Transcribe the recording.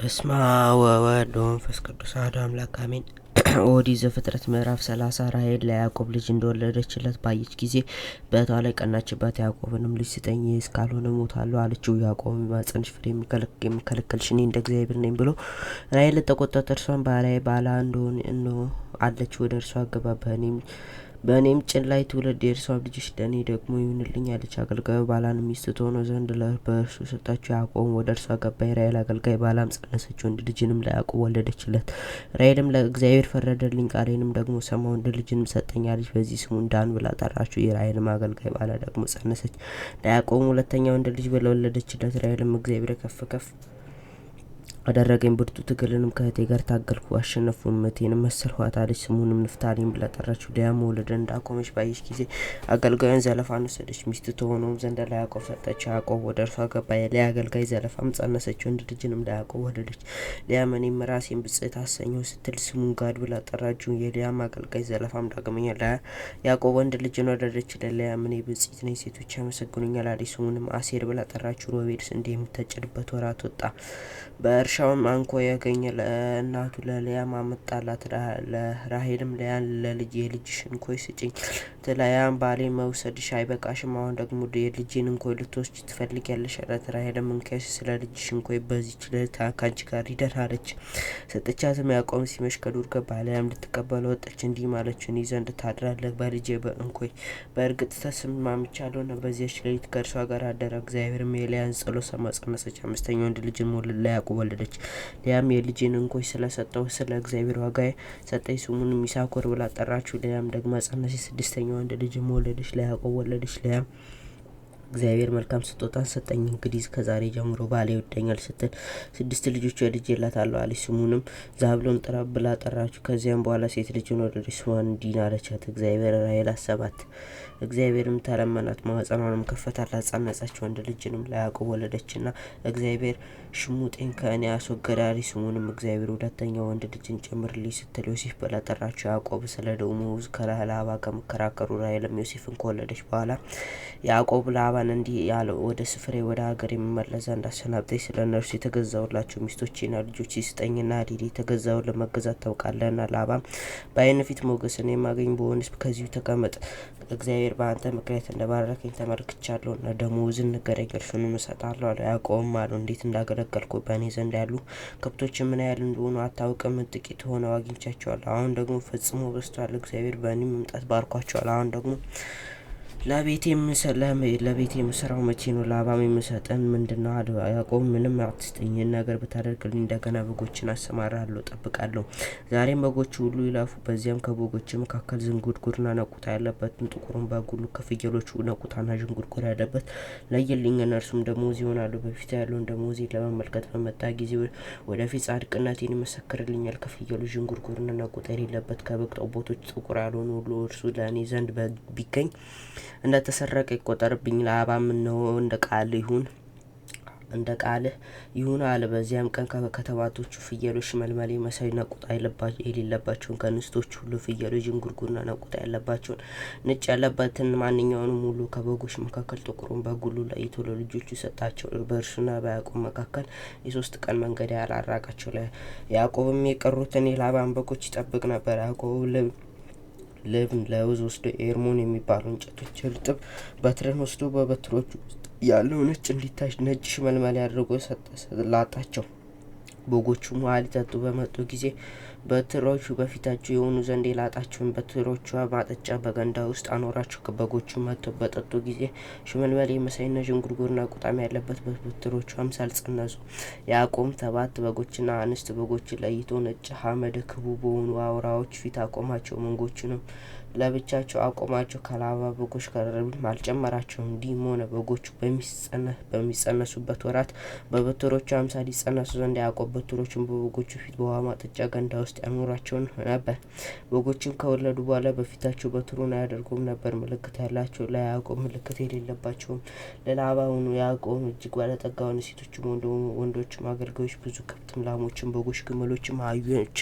በስመ አብ ወወልድ ወመንፈስ ቅዱስ አሐዱ አምላክ አሜን። ኦሪት ዘፍጥረት ምዕራፍ ሰላሳ ራሔል ለያዕቆብ ልጅ እንደወለደችለት ባየች ጊዜ በእኅቷ ላይ ቀናችባት። ያዕቆብንም ልጅ ስጠኝ፣ ይህስ ካልሆነ እሞታለሁ አለችው። ያዕቆብ የማኅፀንሽ ፍሬ የሚከለክልሽ እኔ እንደ እግዚአብሔር ነኝ ብሎ ራሔልን ተቆጣት። እርሷን ባህላዊ ባላ እንደሆን አለችው። ወደ እርሷ አገባህ እኔም በእኔም ጭን ላይ ትውልድ የእርሷም ልጆች ለእኔ ደግሞ ይሁንልኝ አለች። አገልጋዩ ባላን ሚስት ትሆነው ዘንድ በእርሱ ሰጣቸው። ያዕቆብም ወደ እርሷ ገባ። የራሔል አገልጋይ ባላም ጸነሰች፣ ወንድ ልጅንም ለያዕቆብ ወለደችለት። ራሔልም ለእግዚአብሔር ፈረደልኝ፣ ቃሌንም ደግሞ ሰማ፣ ወንድ ልጅንም ሰጠኝ አለች። በዚህ ስሙ ዳን ብላ ጠራችው። የራሔልም አገልጋይ ባላ ደግሞ ጸነሰች፣ ለያዕቆብም ሁለተኛ ወንድ ልጅ ወለደችለት። ራሔልም እግዚአብሔር ከፍ ከፍ አደረገኝ። ብርቱ ትግልንም ከእህቴ ጋር ታገልኩ፣ አሸነፉ። እመቴንም መሰል አለች። ስሙንም ንፍታሌም ብላ ጠራችው። ልያ መውለድን እንዳቆመች ባየች ጊዜ አገልጋዩን ዘለፋን ወሰደች፣ ሚስት ተሆነውም ዘንድ ለያዕቆብ ሰጠችው። ያዕቆብ ወደ እርሷ ገባ። የልያ አገልጋይ ዘለፋም ጸነሰችው፣ ወንድ ልጅንም ለያዕቆብ ወለደች። ልያም እኔም ራሴን ብጽዕት አሰኘሁ ስትል ስሙን ጋድ ብላ ጠራችው። የልያም አገልጋይ ዘለፋም ዳግመኛ ለያዕቆብ ወንድ ልጅን ወለደች። ለልያም እኔ ብጽዕት ነኝ፣ ሴቶች ያመሰግኑኛል አለች። ስሙንም አሴር ብላ ጠራችው። ሮቤልስ እንዲህ የምታጭድበት ወራት ወጣ በእርሻ ጋሻውም አንኮ ያገኘ ለእናቱ ለልያም አመጣላት። ለራሄልም ልያን ለልጅ የልጅሽ እንኮይ ስጭኝ ለያን ባሌ መውሰድሽ አይበቃሽም፣ አሁን ደግሞ የልጄን እንኮይ ልትወስጂ ትፈልጊያለሽ አላት። ራሄልም እንካይስ ስለ ልጅሽ እንኮይ በዚህ ሌሊት ከአንቺ ጋር ይደር አለች። ሰጠቻትም። ያቆም ሲመሽ ከዱር ገባ። ልያም ልትቀበል ወጣች፣ እንዲህ ማለችን እኔ ዘንድ በልጅ በልጄ በእንኮይ በእርግጥ ተስማምቻለሁና በዚያች ሌሊት ከእርሷ ጋር አደረ። እግዚአብሔርም የልያን ጸሎ ሰማ፣ ጸነሰች። አምስተኛ ወንድ ልጅን ሞልላ ያቁበልደች አለች። ሊያም የልጄን እንኮች ስለሰጠው ስለ እግዚአብሔር ዋጋ ሰጠኝ፣ ስሙንም ይሳኮር ብላ ጠራችው። ሊያም ደግማ ጸነሴ ስድስተኛዋ ወንድ ልጅም ወለደች። ለያዕቆብ ወለደች። ልያም እግዚአብሔር መልካም ስጦታን ሰጠኝ። እንግዲህ ከዛሬ ጀምሮ ባሌ ይወደኛል ስትል ስድስት ልጆች ወልጄላታለሁ አለች። ስሙንም ዛብሎን ጥራ ብላ ጠራችሁ። ከዚያም በኋላ ሴት ልጅን ወለደች። ስሟን ዲና አለቻት። እግዚአብሔር ራሔል አሰባት። እግዚአብሔርም ተለመናት፣ ማኅፀኗንም ከፈታላት፣ አጻነጸች። ወንድ ልጅንም ለያዕቆብ ወለደች። ና እግዚአብሔር ሽሙጤን ከእኔ አስወገደ አለች። ስሙንም እግዚአብሔር ሁለተኛ ወንድ ልጅን ጨምርልኝ ስትል ዮሴፍ ብላ ጠራችው። ያዕቆብ ስለ ደሙ ከላህላባ ከመከራከሩ መከራከሩ። ራሔልም ዮሴፍን ከወለደች በኋላ ያዕቆብ ላባ ላባን እንዲህ ያለው፣ ወደ ስፍሬ ወደ ሀገር የምመለስ ዘንድ አሰናብጠኝ። ስለ እነርሱ የተገዛውላቸው ሚስቶቼና ልጆች ስጠኝና ዲዲ የተገዛውን ለመገዛት ታውቃለህና። ላባም በዓይን ፊት ሞገስን የማገኝ በሆንስ ከዚሁ ተቀመጥ፣ እግዚአብሔር በአንተ ምክንያት እንደባረከኝ ተመልክቻለሁ ተመልክቻለሁና፣ ደመወዝን ንገረኝ፣ እርሱንም እሰጥሃለሁ አለ ያዕቆብም አለው፣ እንዴት እንዳገለገልኩ በእኔ ዘንድ ያሉ ከብቶች ምን ያህል እንደሆኑ አታውቅም፣ ጥቂት ሆነው አግኝቻቸዋለሁ። አሁን ደግሞ ፈጽሞ በዝተዋል፣ እግዚአብሔር በእኔ መምጣት ባርኳቸዋል። አሁን ደግሞ ለቤት ለቤት የምሰራው መቼ ነው? ለአባም የምሰጠን ምንድን ነው? ያዕቆብ ምንም አትስጠኝ። ይህን ነገር ብታደርግልኝ እንደገና በጎችን አሰማራለሁ፣ ጠብቃለሁ። ዛሬም በጎች ሁሉ ይላፉ። በዚያም ከበጎች መካከል ዝንጉርጉርና ነቁጣ ያለበትን ጥቁሩን በግ ሁሉ ከፍየሎቹ ነቁጣና ዥንጉርጉር ያለበት ለይልኝ። እነርሱም ደሞዝ ይሆናሉ። በፊት ያለውን ደሞዝ ለመመልከት በመጣ ጊዜ ወደፊት ጻድቅነቴን ይመሰክርልኛል። ከፍየሎች ዥንጉርጉርና ነቁጣ የሌለበት ከበግ ጠቦቶች ጥቁር ያልሆኑ ሁሉ እርሱ ለእኔ ዘንድ ቢገኝ እንደተሰረቀ ይቆጠርብኝ። ለአባም እነሆ እንደ ቃል ይሁን እንደ ቃልህ ይሁን አለ። በዚያም ቀን ከተባቶቹ ፍየሎች መልመሌ መሳይ ነቁጣ የሌለባቸውን ከንስቶቹ ሁሉ ፍየሎች ዥንጉርጉርና ነቁጣ ያለባቸውን ነጭ ያለበትን ማንኛውንም ሁሉ ከበጎች መካከል ጥቁሩን በጉሉ ሁሉ ለይቶ ለልጆቹ ሰጣቸው። በእርሱና በያዕቆብ መካከል የሶስት ቀን መንገድ ያላራቃቸው አራቃቸው። ያዕቆብም የቀሩትን የላባን በጎች ይጠብቅ ነበር። ያዕቆብ ለብን ለውዝ ወስዶ ኤርሞን የሚባሉ እንጨቶች እርጥብ በትረን ወስዶ በበትሮች ውስጥ ያለው ነጭ እንዲታይ ነጭ ሽመልመል ሰጠ ላጣቸው በጎቹም ውሃ ሊጠጡ በመጡ ጊዜ በትሮቹ በፊታችሁ የሆኑ ዘንድ የላጣችሁን በትሮቹ ማጠጫ በገንዳ ውስጥ አኖራችሁ። በጎቹ መጥተው በጠጡ ጊዜ ሽመልመሌ መሳይና ዥንጉርጉርና ቁጣም ያለበት በትሮቹ አምሳል ጸነሱ። ያዕቆብ ሰባት በጎችና አንስት በጎች ለይቶ ነጭ ሐመድ ክቡ በሆኑ አውራዎች ፊት አቆማቸው። መንጎችንም ለብቻቸው አቆማቸው። ከላባ በጎች ከርብም አልጨመራቸውም። እንዲህም ሆነ በጎቹ በሚጸነሱበት ወራት በበትሮቹ አምሳል ይጸነሱ ዘንድ ያዕቆብ በትሮችን በበጎቹ ፊት በውሃ ማጠጫ ገንዳ ውስጥ ያኖራቸውን ነበር። በጎችን ከወለዱ በኋላ በፊታቸው በትሩን አያደርጉም ነበር። ምልክት ያላቸው ለያዕቆብ ምልክት የሌለባቸውም ለላባውኑ ያዕቆብን እጅግ ባለጠጋውን ሴቶችም ወንዶችም አገልጋዮች ብዙ ከብትም፣ ላሞችም፣ በጎች፣ ግመሎችም አህዮች